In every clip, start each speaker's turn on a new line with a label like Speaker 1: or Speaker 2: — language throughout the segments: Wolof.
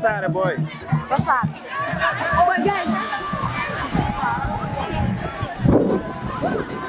Speaker 1: wasaare booy. wasaare. booy gars yi.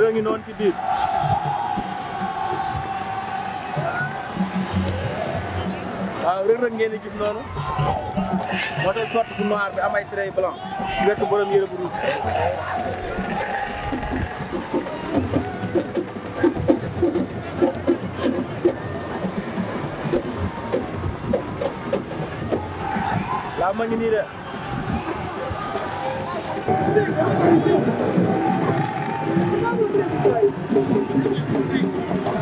Speaker 1: mbërë ngi noonu ci biir waaw ah, Reug ngeen gis noonu moo sol sorte bu noir bi am ay trait blanc nekk borom yére bu rouge Thank you.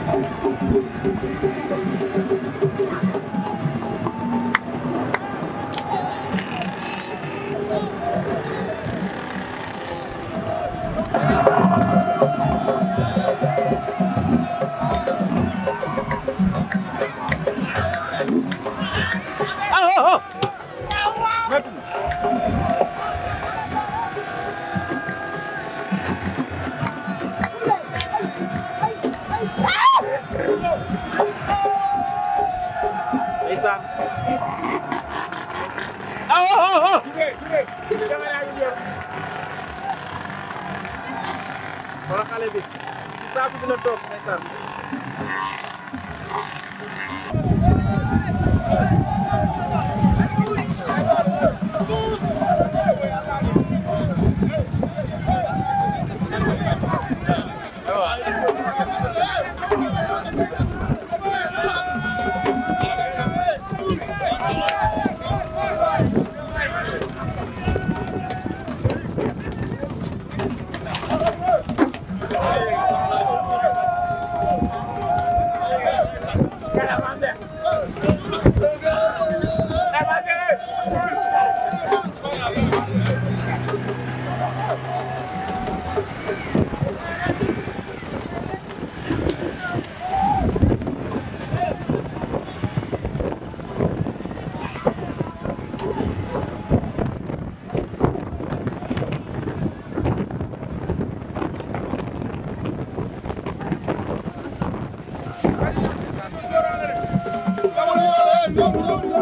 Speaker 1: na wala xale bi saaku dina toog ndeysaan Thank you. Sëriñ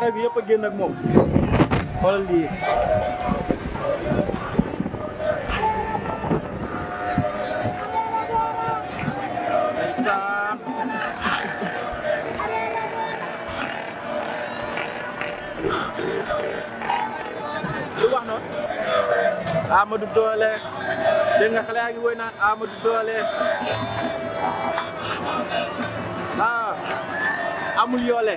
Speaker 1: daanaka yëpp a génn ak moom Doole dégg nga xale yaa ngi woy naan Amadou Doole ah amul yoole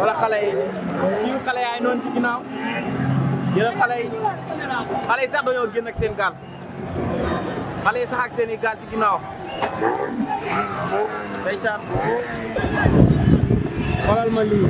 Speaker 1: wala xale yi ñun xale yaay noonu ci ginnaaw yeneen xale yi xale yi sax dañoo génn ak seen xale yi sax ak seen i gaal ci ginnaaw ndeysaan xoolal ma lii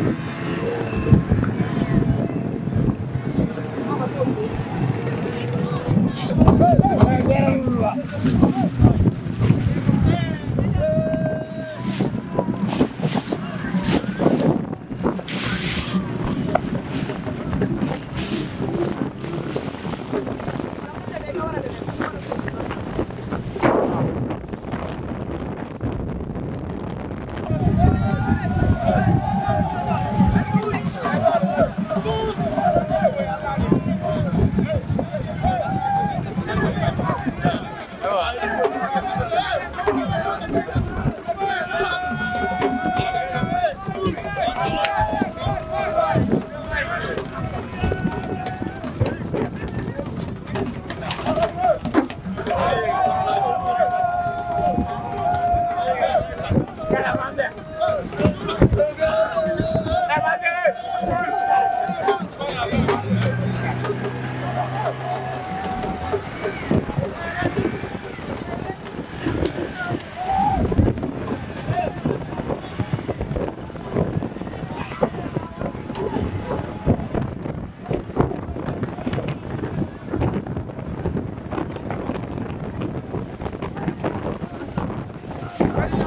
Speaker 1: Thank you.